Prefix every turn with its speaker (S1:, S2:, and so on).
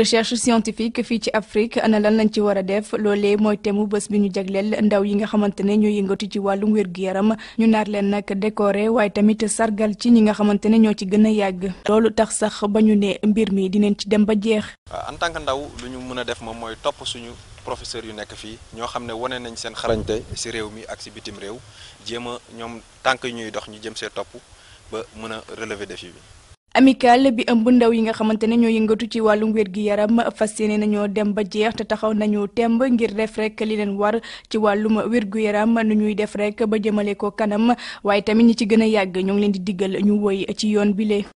S1: recherche scientifique fii ci Afrique ana lan lañ ci war a def loolee mooy temu bés bi ñu jagleel ndaw yi nga xamante ne ñoo yëngatu ci wàllum wér-gu-yaram ñu naar leen nag décorer waaye tamit sargal ci ñi nga xamante ne ñoo ci gën a yàgg loolu tax sax ba ñu ne mbir mi dinañ ci dem ba jeex
S2: en tant que ndaw lu ñu mën a def moom mooy topp suñu professeur yu nekk fii ñoo xam ne wane nañ seen xarañte si réew mi ak si bitim réew jéem a ñoom tànk yu ñuy dox ñu jëm see topp ba mën a relever défi bi
S1: amicale bi ëmb ndaw yi nga xamante ne ñoo yëngatu ci wàllum wér gi yaram fas yéene nañoo dem ba jeex te taxaw nañu temb ngir def rekk li leen war ci wàllum wér gu yaram nu ñuy def rek ba jëmale ko kanam waaye tamit ñi ci gën a yàgg ñoo ngi leen di diggal ñu woy ci yoon bi bile.